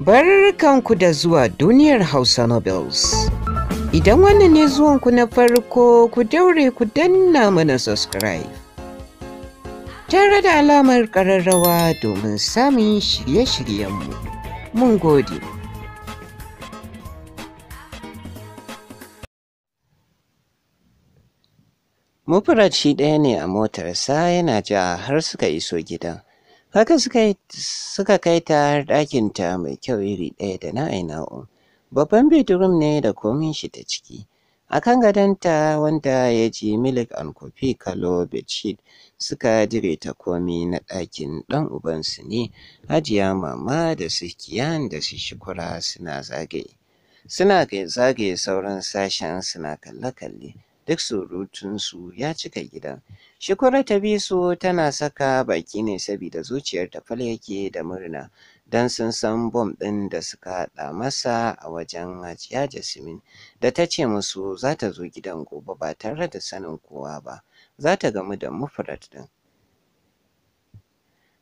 Barkanku da zuwa duniyar Hausa Nobles. Idan wannan ne zuwanku na farko ku daure ku danna mana subscribe. Tare da alamar ƙararrawa domin samun shirye-shiryenmu. Mun gode. shi ɗaya ne a motarsa yana ja har suka iso gidan. Haka suka kai ta har ta mai kyau iri ɗaya da na Aina'u. Babban bedroom ne da komin shi ta ciki. A kan gadonta wanda ya ji milik and kofi kalo bedsheet suka dire ta komi na ɗakin ɗan ubansu ne hajiya mama da su kiyan da su shikura suna zagaye. Suna zagaye sauran sashen suna kalle-kalle. duk surutunsu ya cika gidan. shikura ta bi su tana saka baki ne saboda zuciyar ta fal yake da murna don sun san bom ɗin da suka haɗa masa a wajen Hajiya Jasmin da ta ce musu za ta zo gidan gobe ba tare da sanin kowa ba, za ta gamu da mufrat ɗin.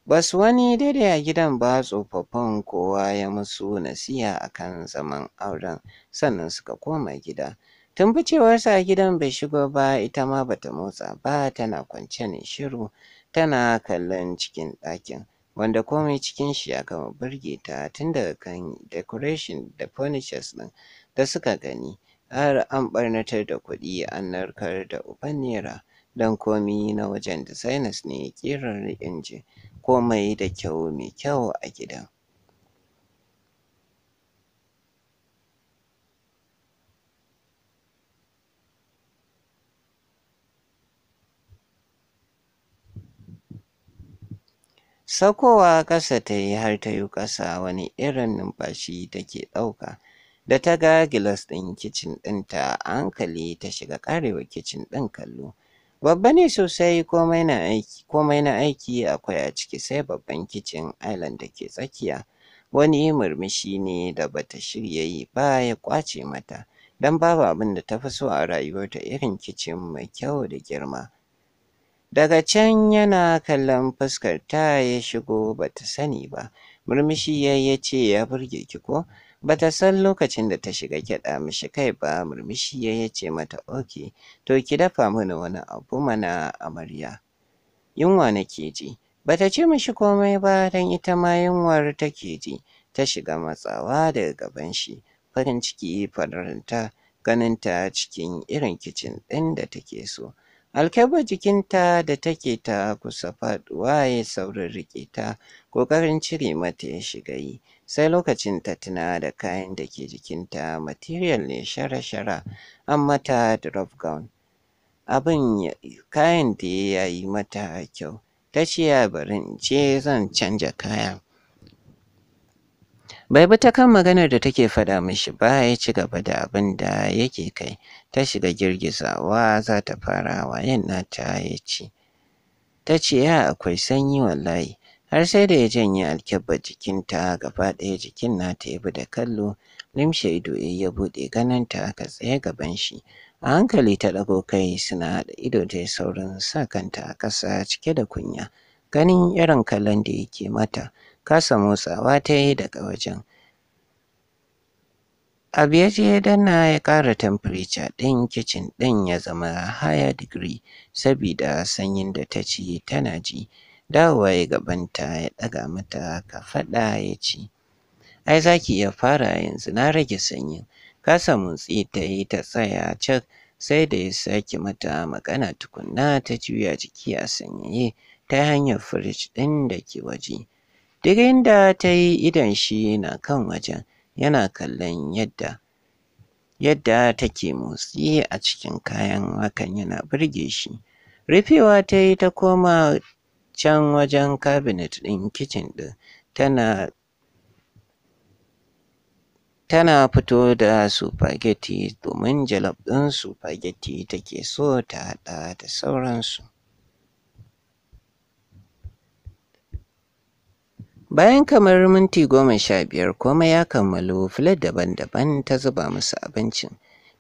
ba wani daidai a gidan ba tsofaffin kowa ya musu nasiha akan zaman auren sannan suka koma gida tumbucewarsa a gidan bai shigo ba ita ma bata motsa ba tana kwance ne shiru tana kallon cikin ɗakin wanda komai cikin shi ya gama burge ta tun daga kan decoration da furnitures ɗin da suka gani har an ɓarnatar da kuɗi an narkar da uban naira don komi na wajen designers ne ƙirar inji komai da kyau mai kyau a gidan. Saukowa ƙasa ta yi har ta yi ƙasa wani irin numfashi take ɗauka. Da ta ga gilas ɗin kicin ɗinta a hankali ta shiga ƙarewa kicin ɗin kallo. Babba ne sosai komai na aiki akwai a ciki sai babban kicin island da ke tsakiya. Wani murmushi ne da bata shirya yi ba ya ƙwace mata. Don babu abin da ta fi so a rayuwarta irin kicin mai kyau da girma. Daga can yana kallon fuskar ta ya shigo ba ta sani ba. Murmushi ya ya ce ya burge ki ko? Ba ta san lokacin da ta shiga kyaɗa mishi kai ba murmushi ya ya ce mata oke to ki dafa mana wani abu mana amarya. Yunwa nake ji. Ba ta ce mishi komai ba don ita ma yunwar take ji. Ta shiga matsawa daga gaban shi. Farin ciki ganin ganinta cikin irin kicin ɗin da take so. Alkyabbar jikinta da take ta kusa faɗuwa ya saurin riƙe ta, ƙoƙarin cire mata ya shiga yi, sai lokacin ta tuna da kayan da ke jikinta material ne shara-shara an mata drop gown. Abin kayan da ya yi mata kyau, ta ce bari in je zan canja kaya. bai bi ta kan maganar da take faɗa mishi ba ya ci gaba da abin da yake kai ta shiga girgizawa za ta fara wayan nata ya ci. ta ce ya akwai sanyi wallahi har sai da ya janye alkyabba jikinta gaba ɗaya jikin nata ya bi da kallo limshe ido ya buɗe ganin ta ka tsaye gaban shi a hankali ta ɗago kai suna haɗa ido da saurin sa kanta a ƙasa cike da kunya ganin irin kallon da yake mata kasa motsawa ta yi daga wajen. Abu ya je danna ya ƙara temperature ɗin kicin ɗin ya zama higher degree sabida sanyin da ta ci tana ji. Dawowa ya gabanta ya ɗaga mata kafaɗa ya ce, Ai za ki iya fara yanzu na rage sanyin. Kasa motsi ta yi ta tsaya cak sai da ya sake mata magana tukunna ta juya jiki a sanyaye ta hanyar firij ɗin da ke waje. Duk inda ta yi idon shi na kan wajen, yana kallon yadda yadda take motsi a cikin kayan, hakan yana burge shi. Rufewa ta yi ta koma can wajen cabinet ɗin kicin ɗin, tana tana fito da supageti domin jalof ɗin supageti take so ta haɗa da sauransu. Bayan kamar minti goma sha biyar komai ya kammalu filet daban-daban ta zuba musu abincin.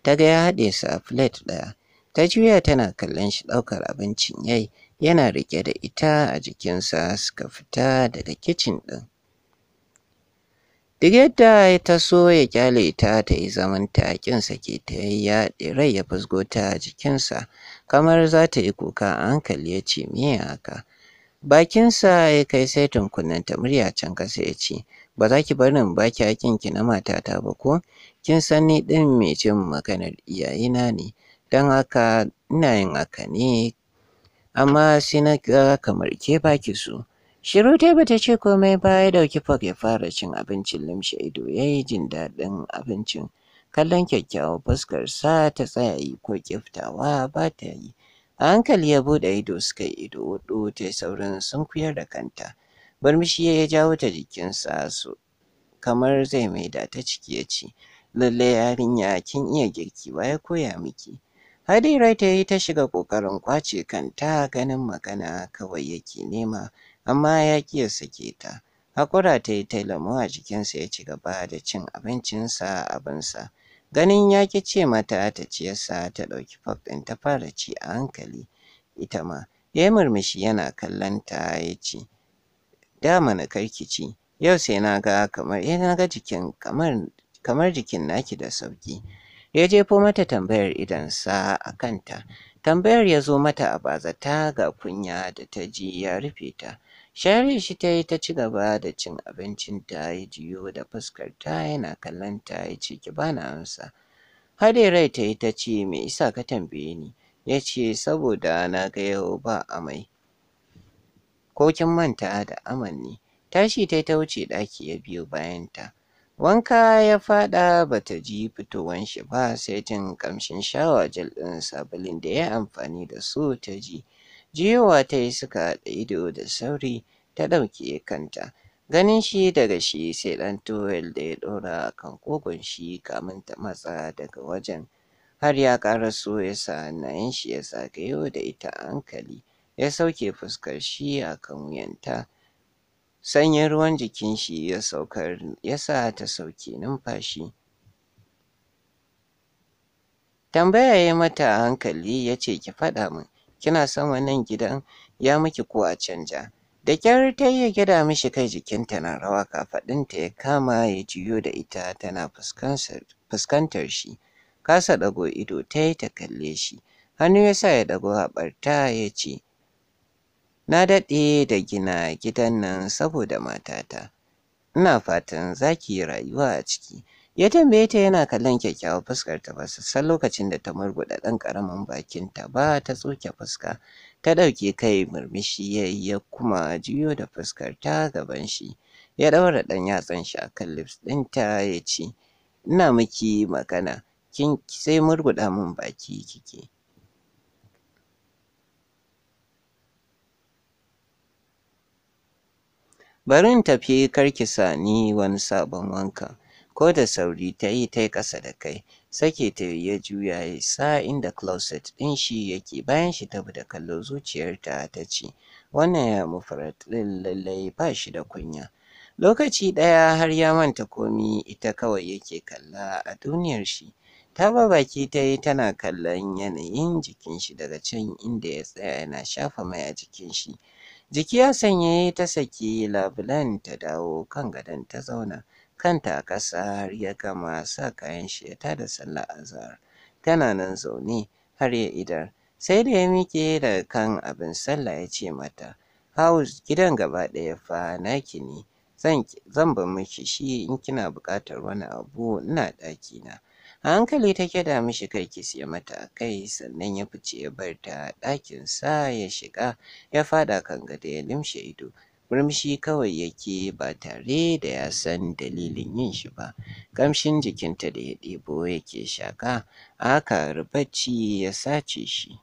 Ta ga ya haɗe su a filet ɗaya. Ta juya tana kallon shi ɗaukar abincin yai, yana riƙe da ita a jikinsa suka fita daga kicin ɗin. Duk yadda ta so ya kyale ta ta yi zaman ta sake ke ta yi ya rai ya fusgo ta jikinsa kamar za ta yi kuka a hankali ya ce me haka. Bakinsa ya kai saitin kunnen ta murya can kasa ya ce, Ba za ki bari in baki ki na matata ba ko? Kin san ni ɗin mai cin maganar iyayena ne, don haka ina yin haka ne. Amma sai na ga kamar ke baki so. Shiru dai bata ce komai ba ya ɗauki fok ya fara cin abincin limshe ido ya jin daɗin abincin. Kallon kyakkyawar sa ta tsaya yi ko kiftawa ba ta yi. A hankali ya buɗe ido suka yi ido huɗu ta saurin sunkuyar da kanta. Barmishi ya jawo ta jikinsa su kamar zai mai da ta ciki ya ce, Lallai yarinya kin iya girki wa ya koya miki. Hadirai ta yi ta shiga ƙoƙarin ƙwace kanta ganin magana kawai yake nema, amma ya ƙi ya sake ta. Haƙura ta yi ta lamu a jikinsa ya ci gaba da cin abincinsa abinsa. Ganin ya ƙi ce mata ta ci ya sa ta ɗauki fok ɗin ta fara ci a hankali ita ma. Ya yi murmushi yana kallon ta ya ce, da mana kar ki ci, yau sai na ga kamar eh, na ga jikin kamar kamar jikin naki da sauki. Ya jefo mata tambayar idonsa a kanta. Tambayar ya zo mata a bazata ga kunya da ta ji ya rufe ta. Share shi ta yi ta ci gaba da cin abincin ta yi jiyo da fuskar ta yana kallon ta ya ce ki bani amsa. Haɗe rai ta yi ta ce me isa ka tambaye ni? Ya ce saboda na ga yau ba amai. Ko kin manta da amanni? ne? Tashi ta yi ta wuce ɗaki ya biyo bayanta. Wanka ya faɗa ba ta ji fitowan shi ba sai jin ƙamshin shawajil ɗin sabulun da ya amfani da su ta ji. Jiyowa ta yi suka haɗa ido da sauri ta ɗauke kanta. Ganin shi daga shi sai ɗan towel da ya ɗora a kan ƙugun shi kamin ta matsa daga wajen. Har ya so ya sa hannayen shi ya zagayo da ita a hankali ya sauke fuskar shi a kan wuyanta. Sanyin ruwan jikin shi ya saukar ya sa ta sauke numfashi. Tambaya ya mata a hankali ya ce ki faɗa min kina son wannan gidan ya miki ko a canja. Da kyar ta iya gida mishi kai jikinta na rawa ɗinta ya kama ya jiyo da ita tana fuskantar shi. Kasa ɗago ido ta yi ta kalle shi. Hannu ya sa ya ɗago haɓarta ya ce, Na daɗe da gina gidan nan saboda matata. Ina fatan za ki yi rayuwa a ciki. Ya tambaye ta yana kallon kyakkyawar fuskar ta ba san lokacin da ta murguɗa ɗan ƙaramin bakin ta ba ta tsoke fuska. Ta ɗauke kai murmushi ya yi ya kuma juyo da fuskar ta gaban shi. Ya ɗaura ɗan yatsan shi a kan lips ɗinta ya ce, Ina miki magana, kin sai murguɗa min baki kike. Bari in tafi karki sani wani sabon wanka. ko da sauri ta yi ta yi ƙasa da kai sake ta ya juya ya sa inda closet ɗin shi yake bayan shi ta bi da kallo zuciyarta ta ce wannan ya mufarat ɗin lallai ba shi da kunya lokaci ɗaya har ya manta komi ita kawai yake kalla a duniyar shi ta ba baki ta yi tana kallon yanayin jikin shi daga can inda ya tsaya yana shafa mai a jikin shi jiki ya sanye ta saki labulen ta dawo kan gadon ta zauna kanta a ƙasa har ya gama sa kayan shi ya tada sallar azahar. Tana nan zaune har ya idar. Sai da ya miƙe daga kan abin sallah ya ce mata, House gidan gaba ɗaya fa naki ne, zan ba miki shi in kina buƙatar wani abu ina ɗakina. A hankali ta kyada mishi kai ki siya mata a kai sannan ya fice ya bar ta sa ya shiga ya faɗa kan gado ya limshe ido murmushi kawai yake ba tare da ya san dalilin yin shi ba ƙamshin jikinta da ya ɗebo yake shaƙa a haka rubacci ya sace shi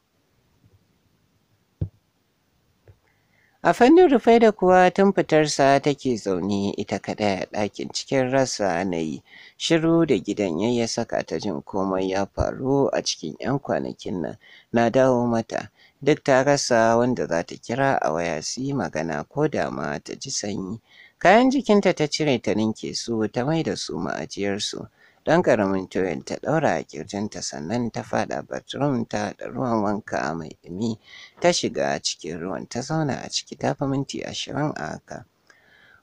a fannin rufai da kuwa tun fitarsa take zaune ita kaɗai a ɗakin cikin rasa na yi shiru da gidan ya ya saka ta jin komai ya faru a cikin 'yan kwanakin nan na dawo mata duk ta rasa wanda za ta kira a waya su yi magana ko da ma ta ji sanyi. Kayan jikinta ta cire ta ninke su ta mai da su ma'ajiyarsu. Don ƙaramin tuwil ta ɗaura a ƙirjinta sannan ta faɗa bathroom ta da ruwan wanka mai ɗumi ta shiga cikin ruwan ta zauna a ciki ta fi minti ashirin a haka.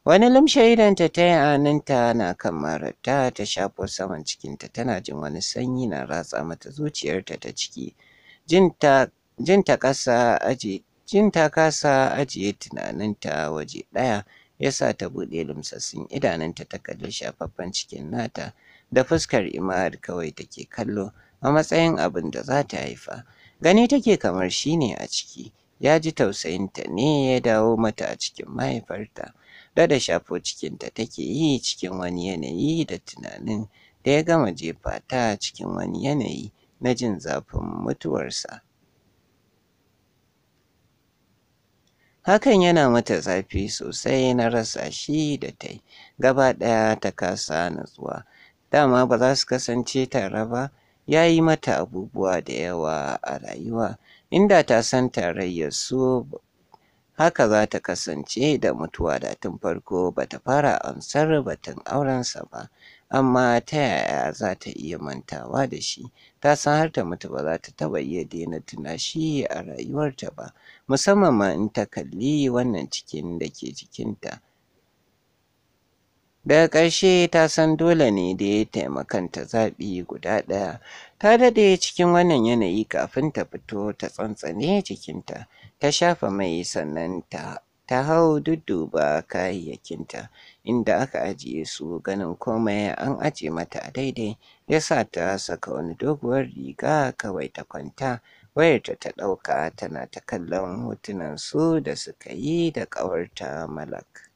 Wani lumshe idonta ta yi aninta na kan mararta ta shafo saman cikinta tana jin wani sanyi na ratsa mata zuciyarta ta ciki. Jin ta Jin kasa aje, jinta ta kasa ajiye tunaninta waje ɗaya yasa ta buɗe lumsassun idanunta ta kalli shafaffen cikin nata da fuskar imar kawai take kallo a matsayin abin da za ta haifa. Gani take kamar shi ne a ciki, ya ji tausayinta ne ya dawo mata a cikin mahaifarta. daɗa shafo cikinta take yi cikin wani yanayi da tunanin da ya gama jefa ta cikin wani yanayi na jin zafin mutuwarsa. Hakan yana mata zafi sosai na rasa shi da ta yi, gaba ɗaya ta kasa natsuwa. Dama ba za su kasance tare ba, ya yi mata abubuwa da yawa a rayuwa, inda ta san tarayyar su haka za ta kasance da mutuwa da tun farko ba ta fara amsar batun aurensa ba. Amma ta yaya za ta iya mantawa da shi, ta san har ta mutu ba za ta taɓa iya daina tuna shi a rayuwarta ba. musamman ma in ta kalli wannan cikin da ke jikinta. Daga ƙarshe ta san dole ne da ya taimakanta zaɓi guda ɗaya. Ta daɗe cikin wannan yanayi kafin ta fito ta tsantsane jikinta, ta shafa mai sannan ta ta hau dudduba kayayyakinta inda aka ajiye su ganin komai an ajiye mata a daidai ya sa ta saka wani doguwar riga kawai ta kwanta. wayarta ta ɗauka tana ta kallon hotunan su da suka yi da ƙawarta Malak.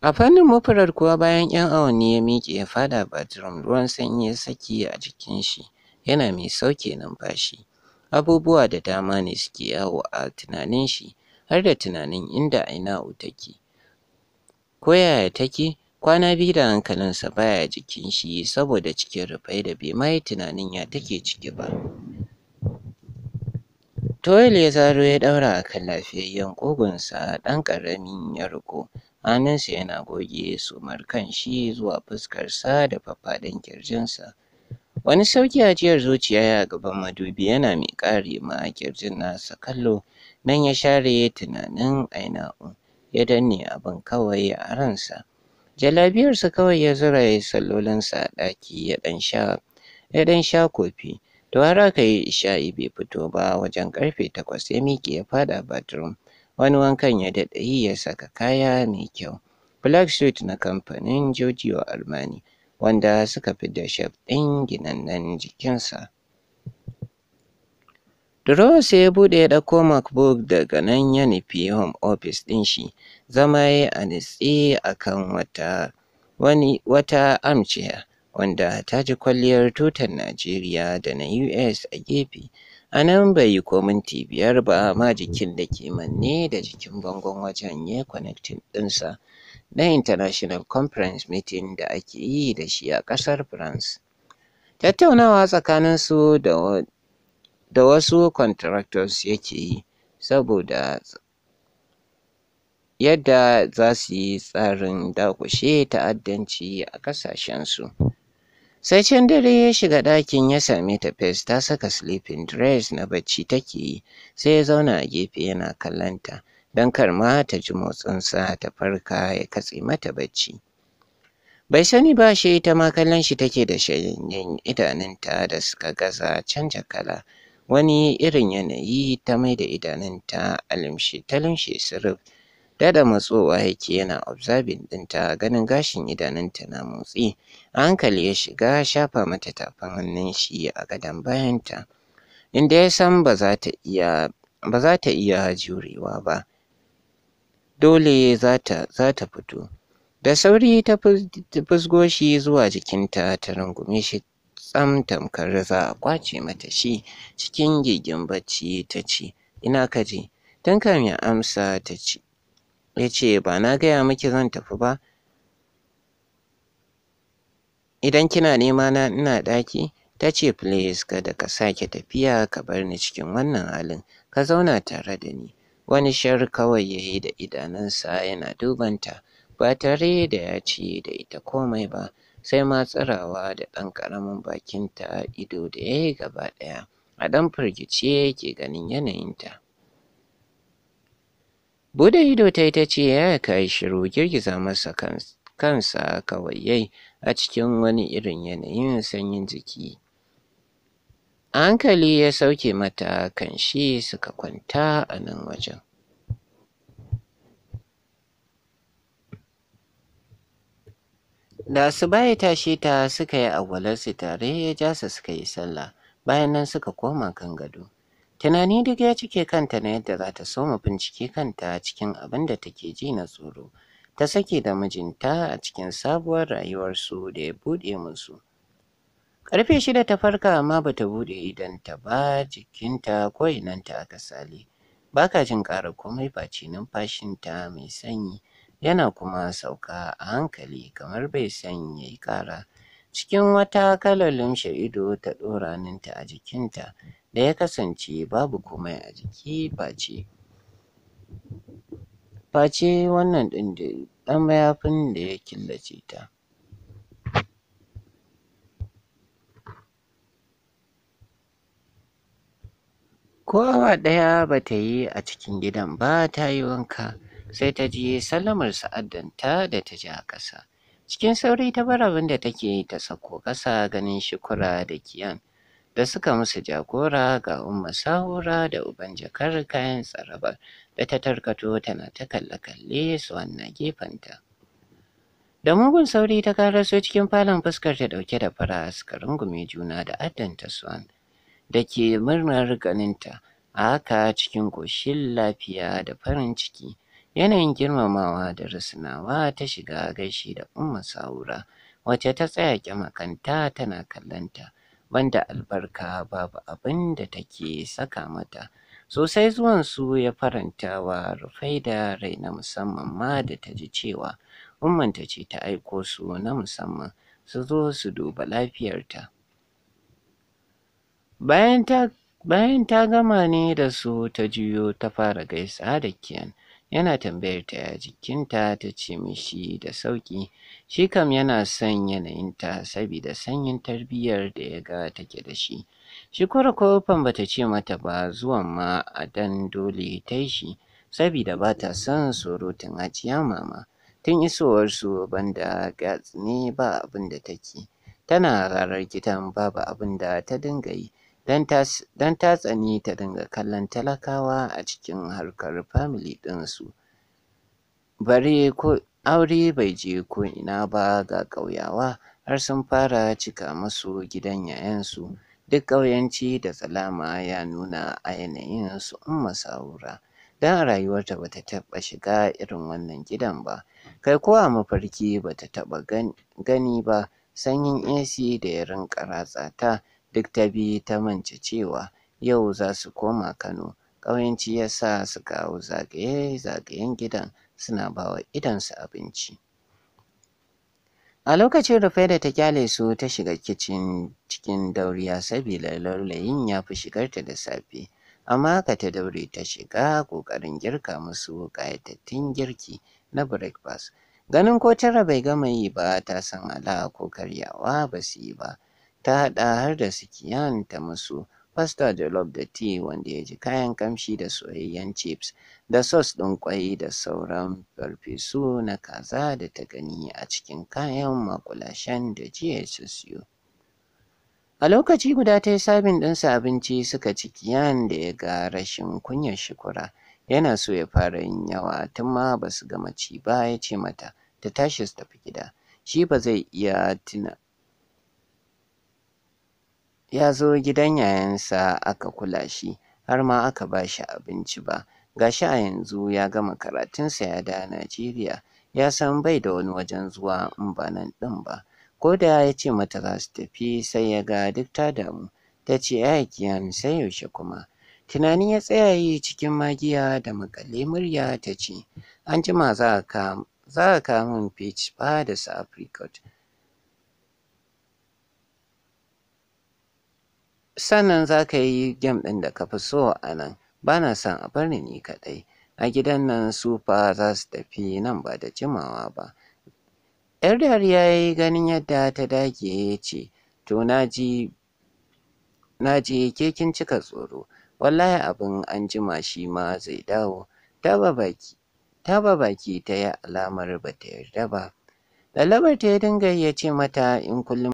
A fannin mafarar kuwa bayan 'yan awanni ya miƙe ya fada bathroom ruwan sanyi ya saki a jikin shi yana mai sauke numfashi. Abubuwa da dama ne suke yawo a tunanin shi har da tunanin inda aina take. Ko yaya take Kwana biyu da hankalinsa baya jikin shi saboda cikin rufai da bai ma tunanin ya take ciki ba. toyil ya zaro ya ɗaura a kan lafiyayyen ƙugunsa ɗan ƙaramin ya riƙo. Hannunsa yana goge sumar kan shi zuwa fuskarsa da faffaɗan ƙirjinsa. Wani sauƙi ajiyar zuciya ya gaban madubi yana mai ƙare ma ƙirjin nasa kallo. Nan ya share tunanin aina'u ya danne abin kawai a ransa. Jalabiyarsa kawai ya zura ya yi sallolinsa a ɗaki ya ɗan sha ya ɗan sha kofi. To har aka yi isha'i bai fito ba wajen ƙarfe takwas ya miƙe ya faɗa bathroom. Wani wankan ya daɗa yi ya saka kaya mai kyau. Black suit na kamfanin Giorgio Armani wanda suka fi da shaf ɗin ginannen jikinsa. dros ya buɗe ya ɗauko MacBook daga nan ya nufi home office ɗin shi, zama ya a nitse a kan wata wani wata wanda ta ji kwalliyar tutar Najeriya da na US a gefe. A nan bai yi komin minti biyar ba ma jikin da ke manne da jikin bangon wajen ya connecting ɗinsa na International Conference Meeting da ake yi da shi a ƙasar France. Tattaunawa tsakaninsu da da wasu contractors yake yi saboda yadda za su yi tsarin daƙushe ta'addanci a ƙasashen su. Sai can dare ya shiga ɗakin ya same ta fes ta saka sleeping dress na bacci take yi sai ya zauna a gefe yana kallonta don kar ma ta ji motsinsa ta farka ya katse mata bacci. Bai sani ba shi ita ma kallon shi take da shayayyen idanunta da suka gaza canja kala wani irin yanayi ta maida idanunta a limshe ta limshe sirif Dada matsowa yake yana observing ɗinta ganin gashin idanunta na motsi a hankali ya shiga shafa mata tafin hannun shi a gadon bayanta inda ya san ba za ta iya ba za iya jurewa ba dole zata ta fito da sauri ta fusgo shi zuwa jikinta ta rungume shi tsam tamkar za a ƙwace mata shi cikin gigin bacci ta ce ina ka je tun kam ya amsa ta ce ya ce ba na gaya miki zan tafi ba idan kina nema na ina ɗaki ta ce please kada ka sake tafiya ka bar ni cikin wannan halin ka zauna tare da ni wani shar kawai ya yi da idanunsa yana dubanta ba tare da ya ce da ita komai ba sai ma tsirawa da ɗan ƙaramin bakinta ido da ya yi gaba ɗaya a ɗan firgice yake ganin yanayinta. Buɗe ido ta yi ta ce ya kai shiru girgiza masa kansa kawai a cikin wani irin yanayin sanyin jiki. A hankali ya sauke mata kan shi suka kwanta a nan wajen. da su ya tashi ta suka yi awwalarsu tare ya ja su suka yi sallah bayan nan suka koma kan gado tunani duk ya cike kanta na yadda za ta soma bincike kanta cikin abin da take ji na tsoro ta sake da mijinta a cikin sabuwar rayuwarsu da ya buɗe musu Karfe shida ta farka amma ba bata buɗe ta ba jikinta ko inanta aka sale. Ba ka jin ƙara komai face numfashinta mai sanyi yana kuma sauka a hankali kamar bai san ya yi ƙara. Cikin wata kalar lumshe ido ta ɗora a jikinta da ya kasance babu komai a jiki face. Face wannan ɗin da ɗan mayafin da ya killace ta. Ko awa ɗaya ba ta yi a cikin gidan ba ta yi wanka. sai ta ji sallamar sa'adanta da ta ji a ƙasa. Cikin sauri ta bar abin da take ta sako ƙasa ganin shikura da kiyan da suka musu jagora ga umma sahura da uban jakar kayan tsarabar da ta tarkato tana ta kalle-kalle su wannan gefenta. Da mugun sauri ta karaso cikin falon fuskar ta dauke da fara suka rungume juna da addanta suwan da ke murnar ganinta a haka cikin koshin lafiya da farin ciki. Yanayin girmamawa da rusunawa ta shiga gaishe da Umma Sa'ura wacce ta tsaya kyamakanta tana kallonta. Banda albarka babu abin da take saka mata. Sosai zuwan su ya faranta wa Rufai da rai na musamman ma da ta ji cewa ummanta ce ta aiko su na musamman su zo su duba lafiyarta. Bayan ta, gama ne da su ta juyo ta fara gaisa da Kiyan yana tambayar ta ya jikinta ta ce mishi da sauƙi shi kam yana son yanayinta sabida sanyin tarbiyyar da ya ga take da shi shi kofan bata ce mata ba zuwan ma a dan dole ta yi shi sabida ba ta son surutun hajiya mama tun isowarsu banda gatsi ne ba abin da take tana rarar gidan babu abin da ta dinga yi don ta tsani ta dinga kallon talakawa a cikin harkar famili ɗinsu. Bare ko aure bai je ko ina ba ga ƙauyawa har sun fara cika masu gidan yayansu. Duk ƙauyanci da salama ya nuna a yanayin su Umma Sahura. Don a rayuwarta bata taɓa shiga irin wannan gidan ba. Kai ko a mafarki bata taɓa gani ba sanyin AC da ya rinƙa ratsa ta. duk ta bi ta mance cewa yau za su koma Kano. ƙawanci ya sa su kawo zagaye-zagayen gidan suna bawa wa idansu abinci. A lokacin rufe da ta kyale su ta shiga kicin cikin dauriya sabila laulayin ya fi shigarta da safe. Amma haka ta daure ta shiga ƙoƙarin girka musu ƙayatattun girki na breakfast. Ganin ko tara bai gama yi ba ta san ala ko karyawa ba su yi ba. ta haɗa har da sikiyan ta musu pasta jollof da tea wanda ya ji kayan kamshi da soyayyen chips da sos ɗin kwai da sauran farfesu na kaza da ta gani a cikin kayan makulashen da jiya siyo. A lokaci guda ta yi sabin ɗinsa abinci suka ci kiyan da ya ga rashin kunyar shukura. Yana so ya fara yin yawa tun ma ba su gama ci ba ya ce mata ta tashi su tafi gida. Shi ba zai iya tuna ya zo gidan yayansa aka kula shi har ma aka ba shi abinci ba ga shi a yanzu ya gama karatunsa ya dawo Najeriya ya san bai da wani wajen zuwa in ba nan ɗin ba ko da ya ce mata za su tafi sai ya ga duk ta damu ta ce ya kiyan sai yaushe kuma Tunanin ya tsaya yi cikin magiya da makalle murya ta ce an jima za ka kawo min peach ba da su apricot sannan za ka yi game ɗin da ka fi so a nan ba na son a bar ni kaɗai a gidan nan su fa za su tafi nan ba da jimawa ba yar dariya ya yi ganin yadda ta dage ya ce to na ji ke kin cika tsoro wallahi abin an jima shi ma zai dawo ta ba baki ta yi alamar ba ta yarda ba lalabar ta ya dinga ya ce mata in kullum